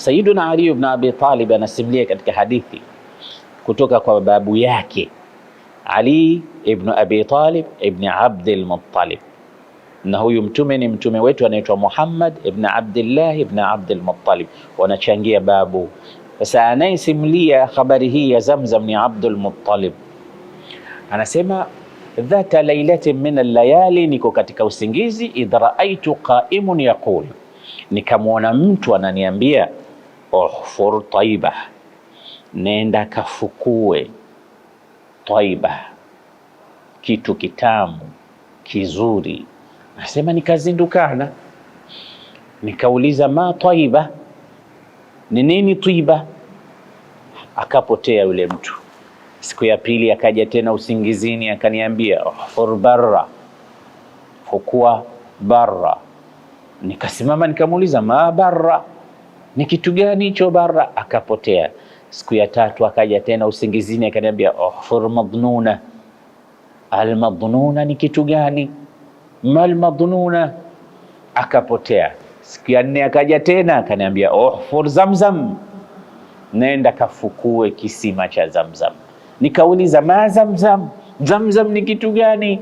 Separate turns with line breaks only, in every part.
Sayyiduna Ali ibn Abi Talib anasimulia katika hadithi kutoka kwa babu yake Ali ibn Abi Talib ibn Abdul Muttalib, na huyu mtume ni mtume wetu anaitwa Muhammad ibn Abdullah ibn Abdul Muttalib, wanachangia babu. Sasa anayesimulia habari hii ya Zamzam ni Abdul Muttalib, anasema dhata lailatin min allayali, niko katika usingizi, idh raaitu qaimun yaqul, nikamwona mtu ananiambia uhfur taiba, nenda kafukue taiba, kitu kitamu kizuri. Nasema nikazindukana, nikauliza ma taiba, ni nini twiba? Akapotea yule mtu. Siku ya pili akaja tena usingizini, akaniambia uhfur barra, fukua barra. Nikasimama nikamuuliza ma barra ni kitu gani hicho bara? Akapotea. Siku ya tatu akaja tena usingizini, akaniambia uhfur oh, madhnuna. Almadhnuna ni kitu gani? Malmadhnuna. Akapotea. Siku ya nne akaja tena akaniambia uhfur oh, zamzam, nenda kafukue kisima cha Zamzam. Nikauliza ma zamzam, zamzam ni kitu gani?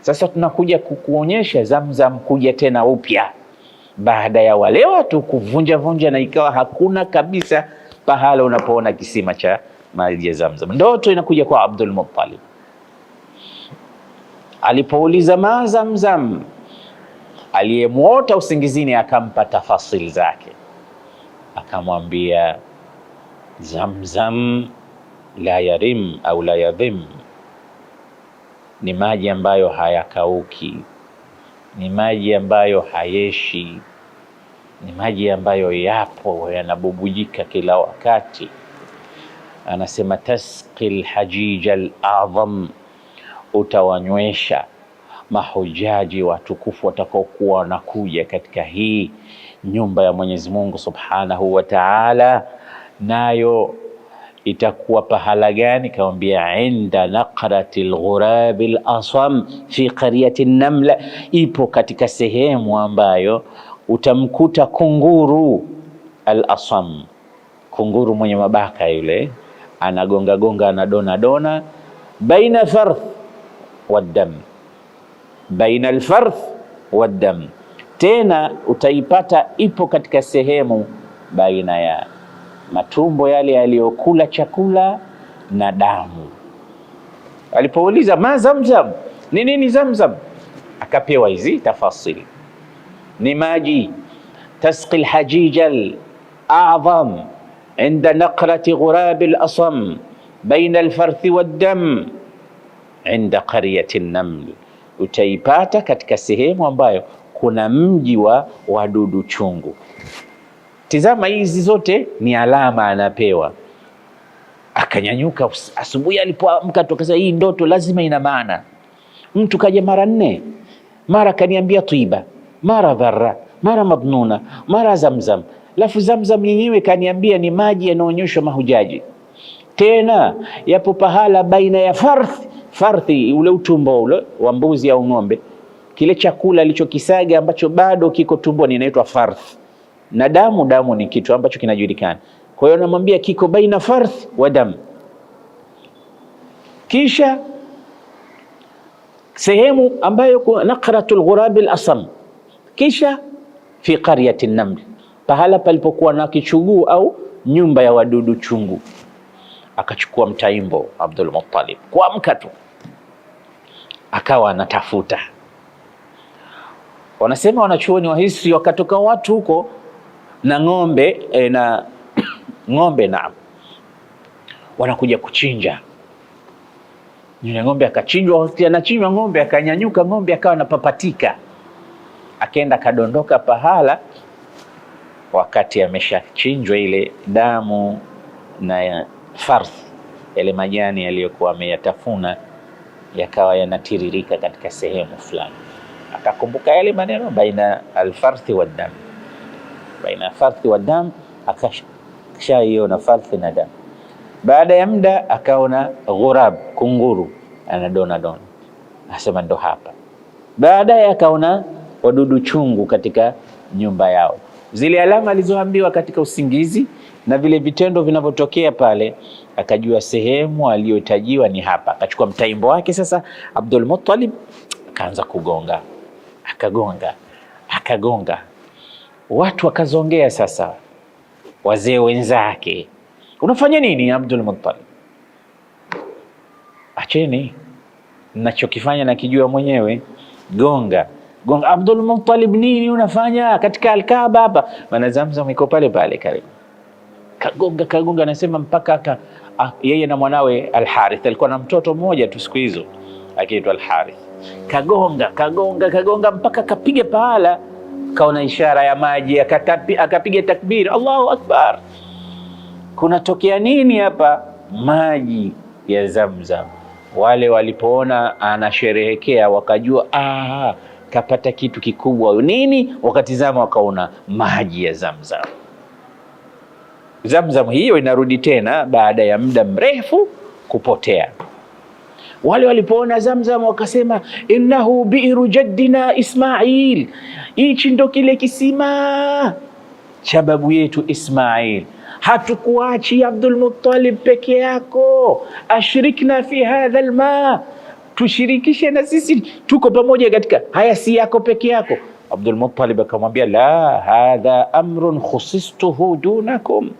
Sasa tunakuja kukuonyesha Zamzam, kuja tena upya baada ya wale watu kuvunja vunja, na ikawa hakuna kabisa pahala unapoona kisima cha maji ya Zamzam. Ndoto inakuja kwa Abdul Muttalib alipouliza ma Zamzam, aliyemwota usingizini akampa tafasil zake, akamwambia Zamzam la yarim au la yadhim, ni maji ambayo hayakauki ni maji ambayo hayeshi, ni maji ambayo yapo yanabubujika kila wakati. Anasema tasqi lhajija ladham utawanywesha mahujaji watukufu watakaokuwa wanakuja katika hii nyumba ya Mwenyezi Mungu subhanahu wa taala, nayo itakuwa pahala gani? Kaambia inda naqrati lghurabi lasam fi qaryati namla, ipo katika sehemu ambayo utamkuta kunguru asam kunguru mwenye mabaka yule, anagonga gonga, anadona dona, baina farth waddam, baina alfarth waddam. Tena utaipata ipo katika sehemu baina ya matumbo yale yaliyokula chakula na damu. Alipouliza ma zamzam, ni nini zamzam? Akapewa hizi tafasili, ni maji tasqi lhajija ladham inda naqrati ghurabi lasam baina alfarthi waldam inda qaryati naml, utaipata katika sehemu ambayo kuna mji wa wadudu chungu. Tizama, hizi zote ni alama anapewa. Akanyanyuka asubuhi, alipoamka tukasema hii ndoto lazima ina maana. Mtu kaja mara nne, mara kaniambia twiba, mara dharra, mara madnuna, mara zamzam. Lafu zamzam yenyewe kaniambia ni maji yanaonyeshwa mahujaji, tena yapo pahala baina ya farthi farthi, ule utumbo ule wa mbuzi au ng'ombe, kile chakula alichokisaga ambacho bado kiko tumboni inaitwa farthi na damu. Damu ni kitu ambacho kinajulikana, kwa hiyo namwambia kiko baina farth wa damu. Kisha sehemu ambayo naqratul ghurab al-asam, kisha fi qaryatin naml, pahala palipokuwa na kichuguu au nyumba ya wadudu chungu. Akachukua mtaimbo Abdul Muttalib, kuamka tu akawa anatafuta. Wanasema wanachuoni wa history, wakatoka watu huko na ng'ombe e, na ng'ombe na wanakuja kuchinja yule ng'ombe akachinjwa, anachinjwa ng'ombe akanyanyuka, ng'ombe akawa anapapatika, akaenda kadondoka pahala, wakati ameshachinjwa ile damu na farth, yale majani yaliyokuwa ameyatafuna yakawa yanatiririka katika sehemu fulani, akakumbuka yale maneno baina alfarthi wa damu baina ya farthi wa damu, akashaiona farthi na damu. Baada ya muda akaona ghurab, kunguru anadona dona, asema ndo hapa. Baadaye akaona wadudu chungu katika nyumba yao, zile alama alizoambiwa katika usingizi na vile vitendo vinavyotokea pale, akajua sehemu aliyotajiwa ni hapa. Akachukua mtaimbo wake sasa, Abdul Muttalib akaanza kugonga, akagonga, akagonga watu wakazongea sasa, wazee wenzake, unafanya nini Abdul Muttalib? Acheni, nachokifanya nakijua mwenyewe. Gonga gonga, Abdul Muttalib, nini unafanya katika Alkaaba hapa? Maana Zamzam iko pale pale karibu. Kagonga kagonga, anasema mpaka aka ah, yeye na mwanawe Alharith alikuwa na mtoto mmoja tu siku hizo akiitwa Alharith. Kagonga kagonga kagonga mpaka kapiga pahala kaona ishara ya maji akapiga takbiri, Allahu akbar. Kunatokea nini hapa? Maji ya Zamzam. Wale walipoona anasherehekea wakajua, aha, kapata kitu kikubwa. Nini? Wakatizama wakaona maji ya Zamzam. Zamzam hiyo inarudi tena baada ya muda mrefu kupotea. Wale walipoona Zamzam wakasema innahu biru jaddina Ismail, hichi ndo kile kisima cha babu yetu Ismail. Hatukuachi Abdul Muttalib peke yako, ashrikna fi hadha lma tushirikishe na sisi, tuko pamoja katika haya, si yako peke yako. Abdul Muttalib akamwambia la hadha amrun khusistuhu dunakum,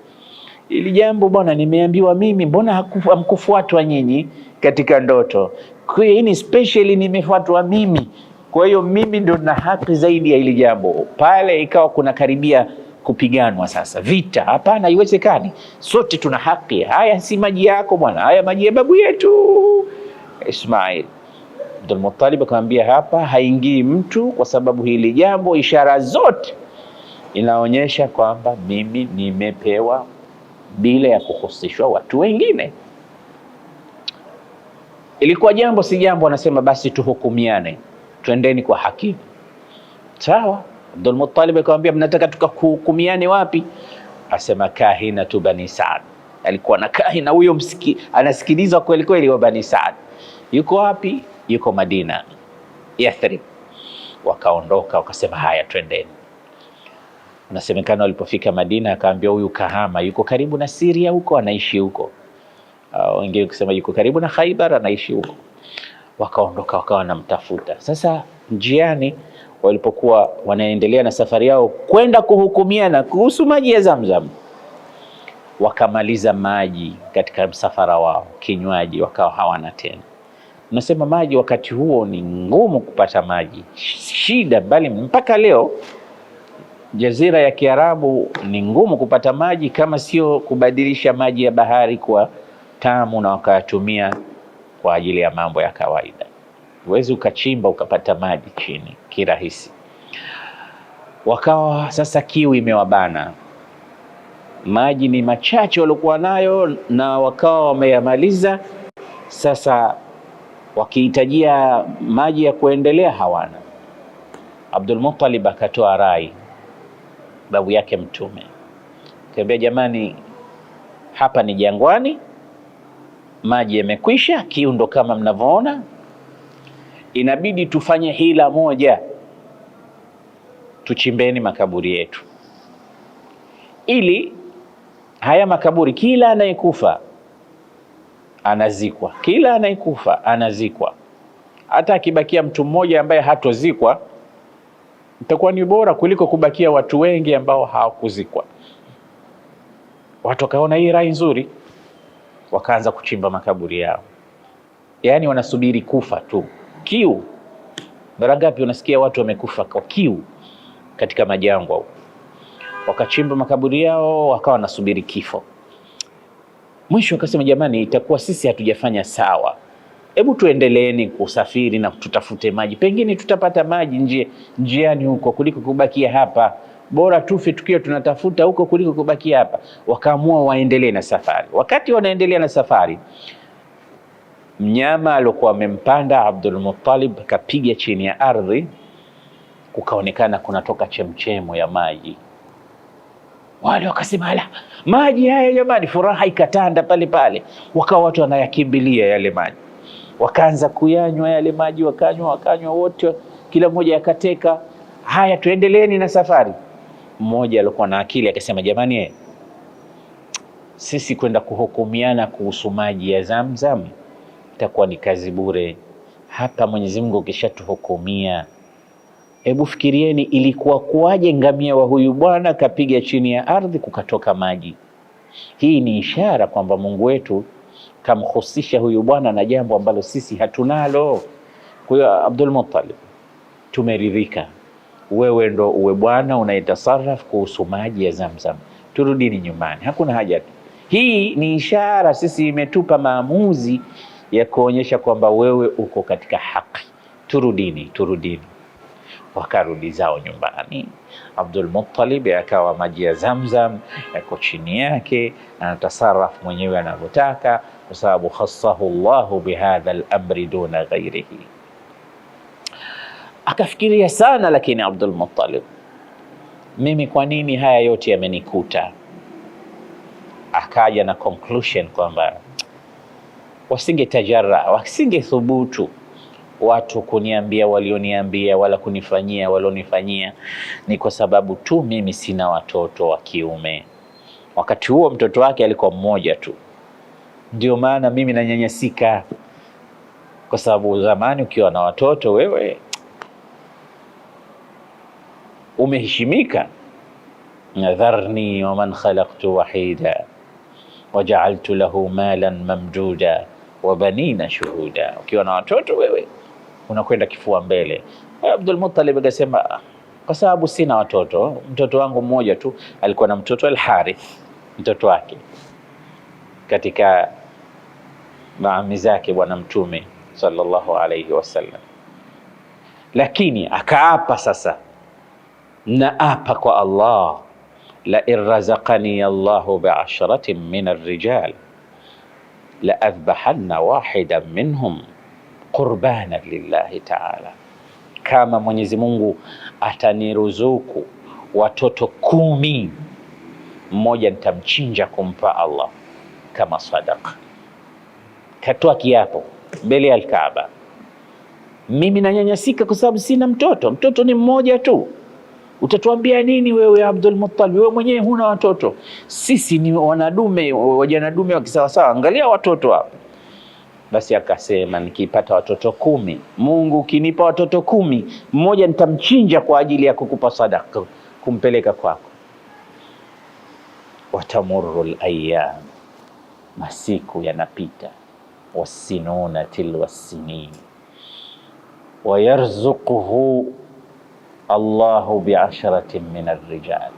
ili jambo bwana nimeambiwa mimi, mbona hamkufuatwa nyinyi? katika ndoto. Kwa hiyo hii ni nimefuatwa mimi, kwa hiyo mimi ndo na haki zaidi ya hili jambo. Pale ikawa kuna karibia kupiganwa sasa, vita. Hapana, haiwezekani, sote tuna haki. Haya si maji yako bwana, haya maji ya babu yetu Ismail. Abdul Muttalib akamwambia, hapa haingii mtu, kwa sababu hili jambo, ishara zote inaonyesha kwamba mimi nimepewa bila ya kuhusishwa watu wengine ilikuwa jambo si jambo, anasema basi tuhukumiane, twendeni kwa hakimu. Sawa. Abdul Muttalib akamwambia mnataka tukahukumiane wapi? Asema kahina tu Bani Saad. Alikuwa na kahina huyo msiki, anasikilizwa kweli kweli wa Bani Saad. Yuko wapi? Yuko Madina, Yathrib. Wakaondoka wakasema haya, twendeni. Unasemekana walipofika Madina akaambia huyu kahama yuko karibu na Syria huko, anaishi huko Ah, wengine kusema yuko karibu na Khaibar, anaishi huko. Wakaondoka wakawa wanamtafuta. Sasa njiani walipokuwa wanaendelea na safari yao kwenda kuhukumiana kuhusu maji ya Zamzam, wakamaliza maji katika msafara wao, kinywaji wakawa hawana tena. Unasema maji wakati huo ni ngumu kupata maji, shida bali mpaka leo Jazira ya Kiarabu ni ngumu kupata maji, kama sio kubadilisha maji ya bahari kwa tamu na wakayatumia kwa ajili ya mambo ya kawaida. Huwezi ukachimba ukapata maji chini kirahisi. Wakawa sasa kiu imewabana, maji ni machache waliokuwa nayo na wakawa wameyamaliza. Sasa wakihitajia maji ya kuendelea hawana. Abdul Muttalib akatoa rai, babu yake Mtume kaambia, jamani, hapa ni jangwani maji yamekwisha, kiu ndo kama mnavyoona, inabidi tufanye hila moja, tuchimbeni makaburi yetu, ili haya makaburi, kila anayekufa anazikwa, kila anayekufa anazikwa. Hata akibakia mtu mmoja ambaye hatozikwa, itakuwa ni bora kuliko kubakia watu wengi ambao hawakuzikwa. Watu wakaona hii rai nzuri wakaanza kuchimba makaburi yao, yaani wanasubiri kufa tu. Kiu mara ngapi unasikia watu wamekufa kwa kiu katika majangwa? Wakachimba makaburi yao, wakawa wanasubiri kifo. Mwisho akasema jamani, itakuwa sisi hatujafanya sawa, hebu tuendeleeni kusafiri na tutafute maji, pengine tutapata maji njiani huko kuliko kubakia hapa bora tufe tukiwa tunatafuta huko kuliko kubaki hapa. Wakaamua waendelee na safari. Wakati wanaendelea na safari, mnyama aliokuwa amempanda Abdul Muttalib kapiga chini ya ardhi, kukaonekana kunatoka chemchemo ya maji. Wale wakasema ala, maji haya jamani! Furaha ikatanda pale pale, wakawa watu wanayakimbilia yale maji, wakaanza kuyanywa yale maji, wakanywa wakanywa wote, kila mmoja yakateka. Haya, tuendeleeni na safari mmoja alikuwa na akili akasema, jamani, sisi kwenda kuhukumiana kuhusu maji ya Zamzam itakuwa ni kazi bure. Hapa Mwenyezi Mungu ukishatuhukumia, hebu fikirieni, ilikuwa kuwaje ngamia wa huyu bwana kapiga chini ya ardhi kukatoka maji? Hii ni ishara kwamba Mungu wetu kamhusisha huyu bwana na jambo ambalo sisi hatunalo. Kwa hiyo Abdul Muttalib tumeridhika wewe ndo uwe bwana unayetasarraf kuhusu maji ya Zamzam. Turudini nyumbani, hakuna haja tu. Hii ni ishara, sisi imetupa maamuzi ya kuonyesha kwamba wewe uko katika haki. Turudini, turudini. Wakarudi zao nyumbani. Abdul Muttalib akawa maji ya Zamzam yako chini yake, anatasarafu mwenyewe anavyotaka, kwa sababu khassahu llahu bihadha al-amri duna ghairihi. Akafikiria sana, lakini Abdul Muttalib, mimi kwa nini haya yote yamenikuta? Akaja na conclusion kwamba wasingetajara, wasingethubutu watu kuniambia walioniambia, wala kunifanyia walionifanyia, ni kwa sababu tu mimi sina watoto wa kiume. Wakati huo mtoto wake alikuwa mmoja tu, ndio maana mimi nanyanyasika, kwa sababu zamani ukiwa na watoto wewe umeheshimika. Nadharni waman khalaqtu wahida wajaaltu lahu malan mamduda wabanina shuhuda. Ukiwa na watoto wewe unakwenda kifua mbele. Abdul Muttalib akasema kwa sababu sina watoto, mtoto wangu mmoja tu alikuwa na mtoto Al-Harith, mtoto wake katika maami zake Bwana Mtume sallallahu alayhi wasallam, lakini akaapa sasa naapa kwa Allah, la in razaqani Allahu biasharatin min arrijal la adhbahanna wahidan minhum qurbana lillahi ta'ala, kama Mwenyezi Mungu ataniruzuku watoto kumi, mmoja nitamchinja kumpa Allah kama sadaka. Katoa kiapo mbele ya Alkaaba, mimi nanyanyasika kwa sababu sina mtoto, mtoto ni mmoja tu. Utatuambia nini wewe Abdul Muttalib? Wewe mwenyewe huna watoto. Sisi ni wanadume, wajanadume wa kisawasawa, angalia watoto hapa. Basi akasema nikipata watoto kumi, Mungu ukinipa watoto kumi, mmoja nitamchinja kwa ajili ya kukupa sadaka, kumpeleka kwako. Watamuru al masiku yanapita, wasinuna til wasinin wayarzuquhu Allahu biasharatin min arrijal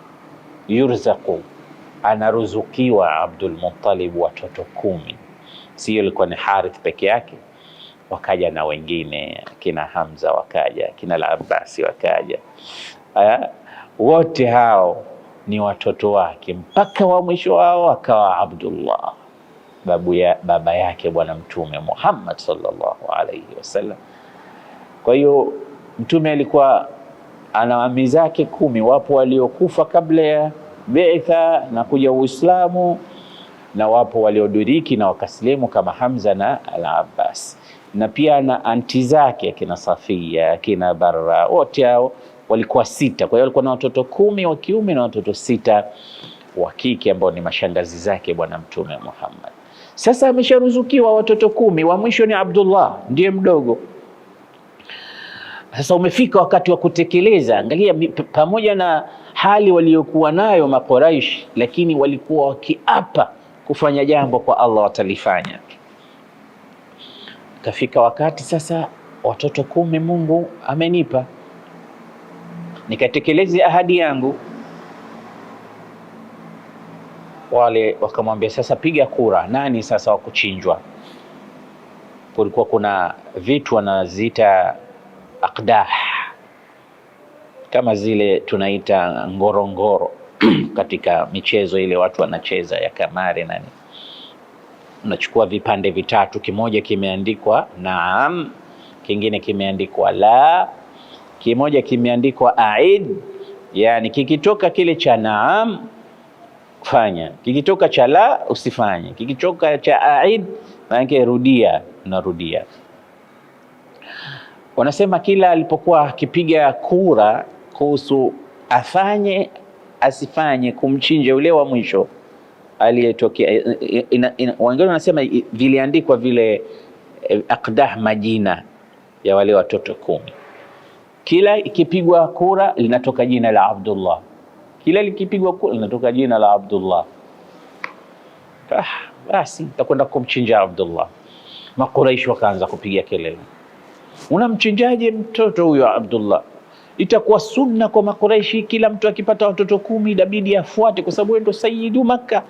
yurzaqu, anaruzukiwa Abdul Muttalib watoto kumi. Sio ilikuwa ni Harith peke yake, wakaja na wengine kina Hamza wakaja kina al-Abbasi wakaja Aya, wote hao ni watoto wake mpaka wa mwisho wao akawa Abdullah babu ya, baba yake Bwana Mtume Muhammad sallallahu alaihi wasallam. Kwa hiyo Mtume alikuwa ana ami zake kumi, wapo waliokufa kabla ya beitha na kuja Uislamu na wapo waliodiriki na wakasilimu kama Hamza na Al-Abbas, na pia na anti zake akina Safia akina Barra, wote hao walikuwa sita. Kwa hiyo walikuwa na watoto kumi wa kiume na watoto sita wa kike ambao ni mashangazi zake Bwana Mtume Muhammad. Sasa amesharuzukiwa watoto kumi, wa mwisho ni Abdullah ndiye mdogo. Sasa umefika wakati wa kutekeleza. Angalia, pamoja na hali waliokuwa nayo Makoraish, lakini walikuwa wakiapa kufanya jambo kwa Allah watalifanya. Kafika wakati sasa, watoto kumi Mungu amenipa nikatekeleze ahadi yangu. Wale wakamwambia sasa, piga kura, nani sasa wa kuchinjwa? Kulikuwa kuna vitu wanaziita akdah kama zile tunaita ngorongoro katika michezo ile watu wanacheza ya kamari nani, unachukua vipande vitatu, kimoja kimeandikwa naam, kingine kimeandikwa la, kimoja kimeandikwa aid. Yani kikitoka kile cha naam fanya, kikitoka cha la usifanye, kikitoka cha aid maanake rudia, unarudia. Wanasema kila alipokuwa akipiga kura kuhusu afanye asifanye kumchinja yule wa mwisho aliyetokea, wengine wanasema viliandikwa vile eh, aqdah majina ya wale watoto kumi. Kila ikipigwa kura linatoka jina la Abdullah, kila likipigwa kura linatoka jina la Abdullah. Ah, basi takwenda kumchinja Abdullah. Makuraishi wakaanza kupiga kelele. Unamchinjaje mtoto huyo Abdullah? Itakuwa sunna kwa Makuraishi, kila mtu akipata watoto kumi inabidi afuate, kwa sababu ndio sayyidu Makka,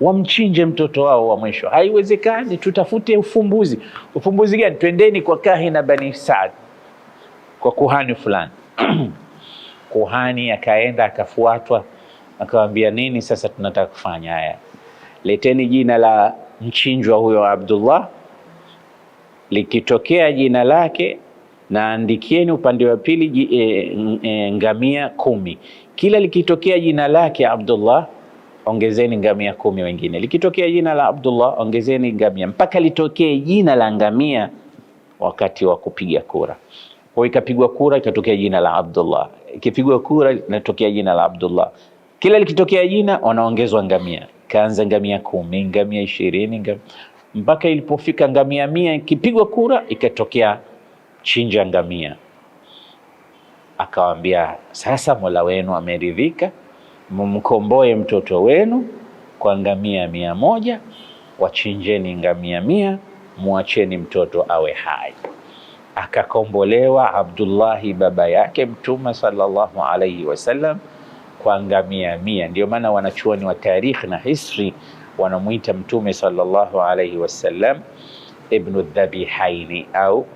wamchinje mtoto wao wa mwisho. Haiwezekani, tutafute ufumbuzi. Ufumbuzi gani? Twendeni kwa kahina Bani Saad, kwa kuhani fulani kuhani akaenda akafuatwa, akawambia, nini sasa tunataka kufanya? Haya, leteni jina la mchinjwa huyo Abdullah likitokea jina lake na andikieni upande wa pili e, e, ngamia kumi. Kila likitokea jina lake Abdullah, ongezeni ngamia kumi wengine. Likitokea jina la Abdullah, ongezeni ngamia mpaka litokee jina la ngamia wakati wa kupiga kura. Kwa ikapigwa kura, ikatokea jina la Abdullah, ikipigwa kura, natokea jina la Abdullah. Kila likitokea jina wanaongezwa ngamia, kaanza ngamia kumi, ngamia ishirini, ngamia mpaka ilipofika ngamia mia ikipigwa kura ikatokea chinja ngamia. Akawaambia, sasa Mola wenu ameridhika, mumkomboe mtoto wenu kwa ngamia mia moja, wachinjeni ngamia mia, muacheni mtoto awe hai. Akakombolewa Abdullahi baba yake Mtume sallallahu alaihi wasallam kwa ngamia mia. Ndio maana wanachuoni wa tarikhi na hisri wanamwita Mtume sallallahu alaihi wasallam ibnu dhabihaini au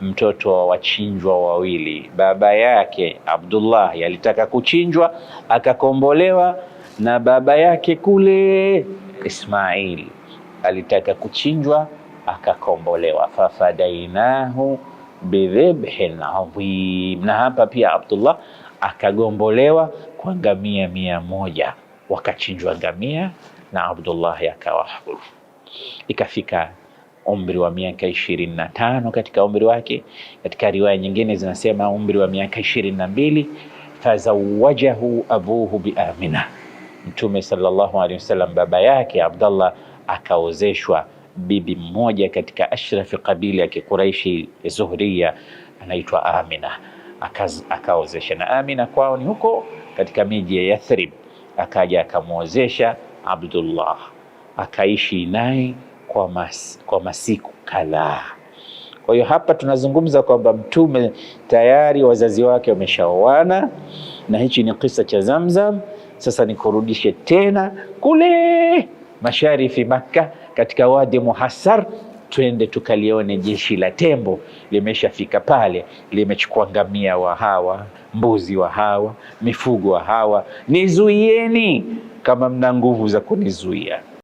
mtoto wa wachinjwa wawili. Baba yake Abdullah yalitaka kuchinjwa akakombolewa, na baba yake kule Ismail alitaka kuchinjwa akakombolewa. fafadainahu bidhibhin adhim, na hapa pia Abdullah akagombolewa kwa ngamia mia moja, wakachinjwa ngamia na akawa akawaabudu. Ikafika umri wa miaka ishirini na tano katika umri wake. Katika riwaya nyingine zinasema umri wa miaka ishirini na mbili fazawajahu abuhu bi Amina. Mtume sallallahu alaihi wasallam, baba yake Abdallah akaozeshwa bibi mmoja katika ashrafi kabila ya Kikuraishi Zuhriya, anaitwa Amina. Akaozesha na Amina kwao ni huko katika miji ya Yathrib, akaja akamwozesha Abdullah akaishi naye kwa, mas, kwa masiku kadhaa. Kwa hiyo hapa tunazungumza kwamba mtume tayari wazazi wake wameshaoana, na hichi ni kisa cha Zamzam. Sasa nikurudishe tena kule masharifi Makka, katika Wadi Muhassar, twende tukalione jeshi la tembo limeshafika pale, limechukua ngamia wa hawa, mbuzi wa hawa, mifugo wa hawa, nizuieni kama mna nguvu za kunizuia.